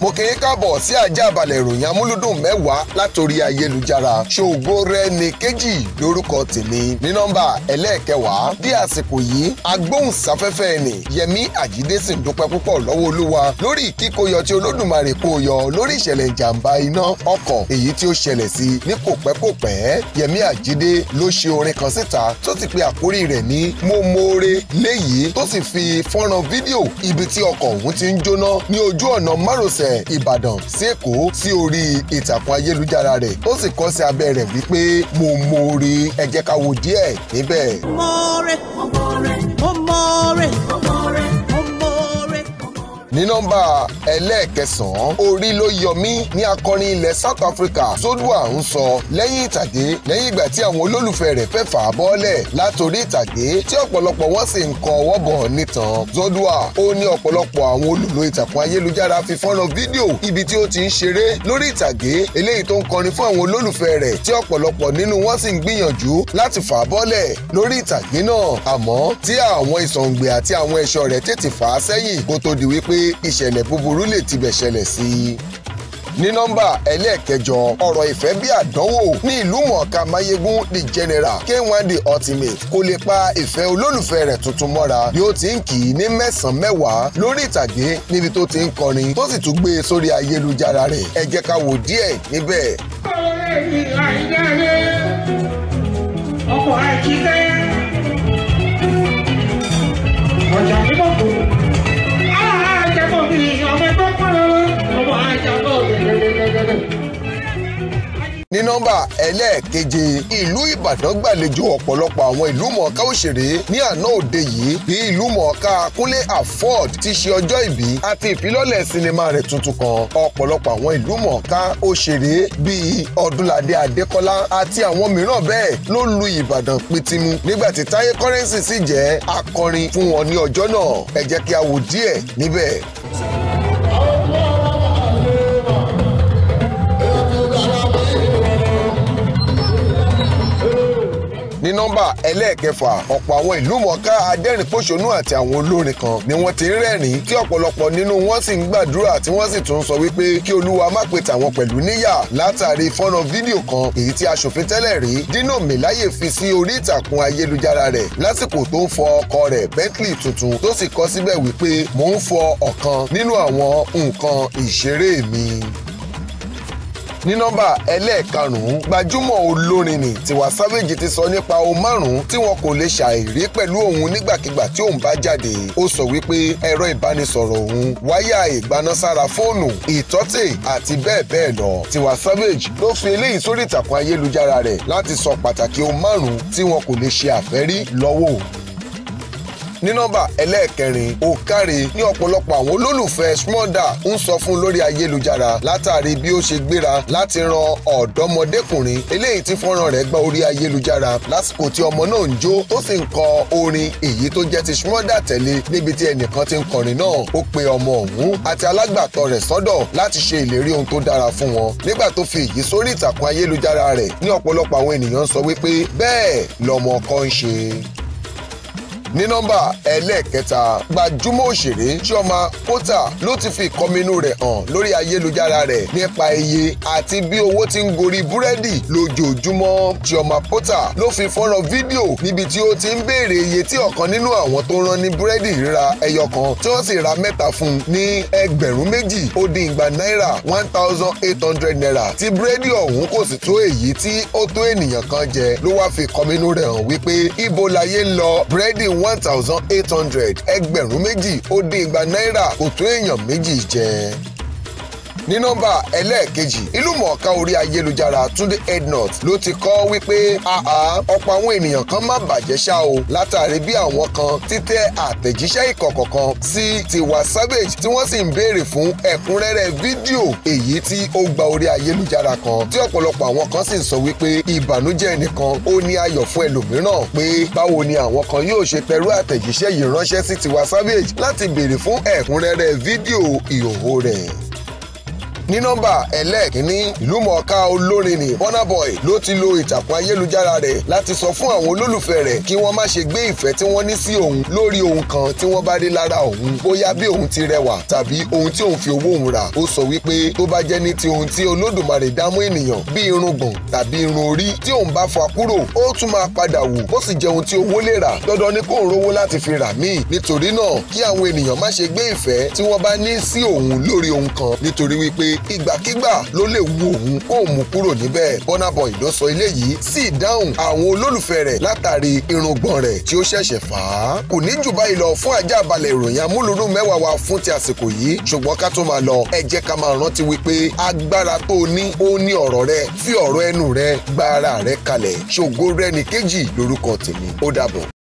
mo kì í káàbọ̀ sí ajá balẹ̀ ìròyìn amúlùdùn mẹ́wàá látòrí ayélujára ṣògo rẹ ní kejì lórúkọ tèmi ní nọ́mbà ẹlẹ́ẹ̀kẹwàá bí àsìkò yìí agbóhùnsáfẹ́fẹ́ nì yẹmí àjídé sì ń dúpẹ́ púpọ̀ lọ́wọ́ olúwa lórí kíkóyọ tí olódùmarè kó yọ lórí ìṣẹ̀lẹ̀ ìjàmbá iná ọkọ̀ èyí tí ó ṣẹlẹ̀ sí ní kò pẹ́ kò pẹ́ yẹmí àjídé ló ṣe orin kan síta tó ti pe àkórí rẹ̀ ní mo mọ̀ọ́re léyìí tó sì fi fọ́nrán fídíò ibi tí ọkọ̀ ọ̀hún ti ń jóná ní ojú ọ̀nà márosẹ̀ ìpínlẹ̀ Ìbàdàn sí Èkó sí orí ìtàkùn ayélujára rẹ̀ ó sì kọ sí abẹ́ rẹ̀ wípé mo mọ̀ọ́rẹ́ ẹ ká wo díẹ̀ níbẹ̀. mo mọ̀ọ́rẹ́ mo mọ̀ọ́rẹ́ mo mọ̀ọ́rẹ́ ní nọ́mbà ẹlẹ́ẹ̀kẹsàn-án orí ló yọ mí ní akọrin ilẹ̀ South Africa Zodwa ń sọ lẹ́yìn ìtàgé lẹ́yìn ìgbà tí àwọn olólùfẹ́ rẹ̀ fẹ́ fà á bọ́ọ̀lẹ̀ látòrí ìtàgé tí ọ̀pọ̀lọpọ̀ wọn sì ń kọ ọwọ́ bọ̀ nìtàn Zodwa ó ní ọ̀pọ̀lọpọ̀ àwọn olùlò ìtàkùn ayélujára fi fọ́nrán fídíò ibi tí ó ti ń ṣeré lórí ìtàgé eléyìí tó ń kọrin fún àwọn olólùfẹ́ rẹ̀ tí ọ̀pọ̀lọpọ̀ nínú wọn sì ń gbìyànjú láti fà á bọ́ọ̀lẹ̀ lórí ìtàgé ìṣẹ̀lẹ̀ búburú lè tibẹ̀ ṣẹlẹ̀ sí i ní nọ́mbà ẹlẹ́ẹ̀kẹjọ ọ̀rọ̀ ìfẹ́ bí àdánwò ní ìlú mọ̀ọ́ká mayegun the general k1 the ultimate kò lè pa ìfẹ́ olólùfẹ́ rẹ̀ tuntun mọ́ra bí ó ti ń kì í ní mẹ́sàn-án mẹ́wàá lórí ìtàgé níbi tó ti ń kọrin tó sì tún gbé e sórí ayélujára rẹ̀ ẹ jẹ́ ká wò díẹ̀ níbẹ̀. ọ̀rẹ́ mi àìjáde. ní nọ́mbà ẹlẹ́ẹ̀keje ìlú ìbàdàn gbàlejò ọ̀pọ̀lọpọ̀ àwọn ìlú mọ̀ọ́ká òṣèré ní àná òde yìí bí ìlú mọ̀ọ́ká kúnlé afọ́d ti ṣe ọjọ́ ìbí àti ìfilọ́lẹ̀ sinimá rẹ̀ tuntun kan ọ̀pọ̀lọpọ̀ àwọn ìlú mọ̀ọ́ká òṣèré bíi ọdúnládé adékọ́lá àti àwọn mìíràn bẹ́ẹ̀ ló lu ìbàdàn pitimu nígbà tí táyé kọ́rẹ́nsì sì jẹ́ akọrin fún wọn ní ọjọ́ náà ẹ jẹ́ kí a wò díẹ̀ níbẹ̀. ní nọ́mbà ẹlẹ́ẹ̀kẹfà ọ̀pọ̀ àwọn ìlúmọ̀ọ́ká adẹ́rìnpòṣónú àti àwọn olórin kan ni wọ́n ti ń rẹ́rìn-ín tí ọ̀pọ̀lọpọ̀ nínú wọn sì ń gbàdúrà tí wọ́n sì tún sọ wípé kí olúwa má pe tàwọn pẹ̀lú níyà látàrí fọ́nà fídíò kan èyí tí aṣòfin tẹ́lẹ̀ rí Dino Melaye fi sí orí ìtàkùn ayélujára rẹ̀ lásìkò tó ń fọ ọkọ̀ rẹ̀ Bentley tuntun tó sì kọ síbẹ̀ wípé mò ń fọ ọ̀kan nínú àwọn nǹkan ìṣeré mi ní nọ́mbà ẹlẹ́ẹ̀karùn-ún gbajúmọ̀ olórin ni Tiwa Savage ti sọ nípa ohun márùn-ún tí wọn kò lè ṣàìrí pẹ̀lú òun nígbàkigbà tí òun bá jáde ó sọ wípé ẹ̀rọ ìbánisọ̀rọ̀ òun wáyà ìgbanására fóònù ìtọ́tẹ̀ àti bẹ́ẹ̀ bẹ́ẹ̀ lọ Tiwa Savage ló fi eléyìí sórí ìtàkùn ayélujára rẹ̀ láti sọ pàtàkì ohun márùn-ún tí wọn kò lè ṣe àfẹ́rí lọ́wọ́ òun ní nọ́mbà ẹlẹ́ẹ̀kẹrin Òkàrè ní ọ̀pọ̀lọpọ̀ àwọn olólùfẹ́ Smolda ń sọ fún lórí ayélujára látàrí bí ó ṣe gbéra láti ran ọ̀dọ́mọdékùnrin eléyìí tí fọ́nrán rẹ̀ gba orí ayélujára lásìkò tí ọmọ náà ń jó tó sì ń kọ orin èyí tó jẹ́ ti Smolda tẹ̀lé níbi tí ẹnìkan ti ń kọrin náà ó pe ọmọ ọ̀hún àti alágbàtọ́ rẹ̀ sọ́dọ̀ láti ṣe ìlérí ohun tó dára fún wọn nígbà tó fi èyí sórí ìtàkùn ayélujára rẹ̀ ní ọ̀pọ̀lọpọ̀ àwọn ènìyàn sọ wípé bẹ́ẹ̀ lọmọ ọkọ ń ṣe ní nọ́mbà ẹlẹ́ẹ̀kẹta gbajúmọ̀ òṣèré Chioma Porter ló ti fi ìkọminú rẹ̀ hàn lórí ayélujára rẹ̀ nípa iye àti bí owó ti ń gorí búrẹ́dì lójoojúmọ́ Chioma Porter ló fi fọ́nrán fídíò níbi tí ó ti ń béèrè iye tí ọ̀kan nínú àwọn tó rán ní búrẹ́dì ríra ẹyọ kan tí wọ́n sì ra mẹ́ta fún un ní ẹgbẹ̀rún méjì ó dín igba náírà one thousand eight hundred naira tí búrẹ́dì ọ̀hún kò sì tó èyí tí ó tó ènìyàn kan jẹ ló wá fi ìkọminú rẹ̀ hàn wípé ibo láyé ń lọ búrẹ́dì one thousand eight hundred ẹgbẹ̀rún méjì ó dín igba náírà kò tó èèyàn méjì jẹ ní nọ́mbà ẹlẹ́ẹ̀kejì ìlú mọ̀ọ́ká orí ayélujára Túndé Ednut ló ti kọ wípé ọ̀pọ̀ àwọn ènìyàn kan má bàjẹ́ ṣá o látàrí bí àwọn kan títẹ̀ àtẹ̀jíṣẹ́ ìkọ̀kọ̀ kan sí Tiwa Savage tí wọ́n sì ń béèrè fún ẹ̀kúnrẹ́rẹ́ fídíò èyí tí ó gba orí ayélujára kan tí ọ̀pọ̀lọpọ̀ àwọn kan sì ń sọ wípé ìbànújẹ́ ẹnìkan ó ní ayọ̀ fún ẹlòmíràn pé báwo ni àwọn kan yóò ṣe pẹ̀lú àtẹ̀jíṣẹ́ yìí ránṣẹ́ sí Tiwa Savage láti béèrè fún ẹ̀kúnrẹ́rẹ́ fídíò ìhòòhò rẹ̀ ní nọ́mbà ẹlẹ́ẹ̀kínní ìlúmọ̀ọ́ká olórin ni Burna Boy ló ti lo ìtàkùn ayélujára rẹ̀ láti sọ fún àwọn olólùfẹ́ rẹ̀ kí wọ́n má ṣe gbé ìfẹ́ tí wọ́n ní sí òun lórí ohun kan tí wọ́n bá rí lára òun bóyá bí òun ti rẹwà tàbí ohun tí òun fi owó òun rà ó sọ wípé tó bá jẹ́ ní ti ohun tí olódùmarè dámú ènìyàn bí irùngbọ̀n tàbí irun orí tí òun bá fa kúrò ó tún máa padà wù bó sì jẹ́ ohun tí ìgbàkigbà ló lè wu òun kó mú kúrò níbẹ̀ Burna Boy ló sọ eléyìí sí ìdáhùn àwọn olólùfẹ́ rẹ̀ látàrí irùngbọ̀n rẹ̀ tí ó ṣẹ̀ṣẹ̀ fà á kò ní jù báyìí lọ fún ajá balẹ̀ ìròyìn amúlùdùn mẹ́wàá wa fún ti àsìkò yìí ṣùgbọ́n ká tó máa lọ ẹ jẹ́ ká máa rántí wípé agbára tó ní ó ní ọ̀rọ̀ rẹ fi ọ̀rọ̀ ẹnu rẹ gba ara rẹ kalẹ̀ ṣògo rẹ nìkejì lórúkọ tèmi ó dàbọ̀.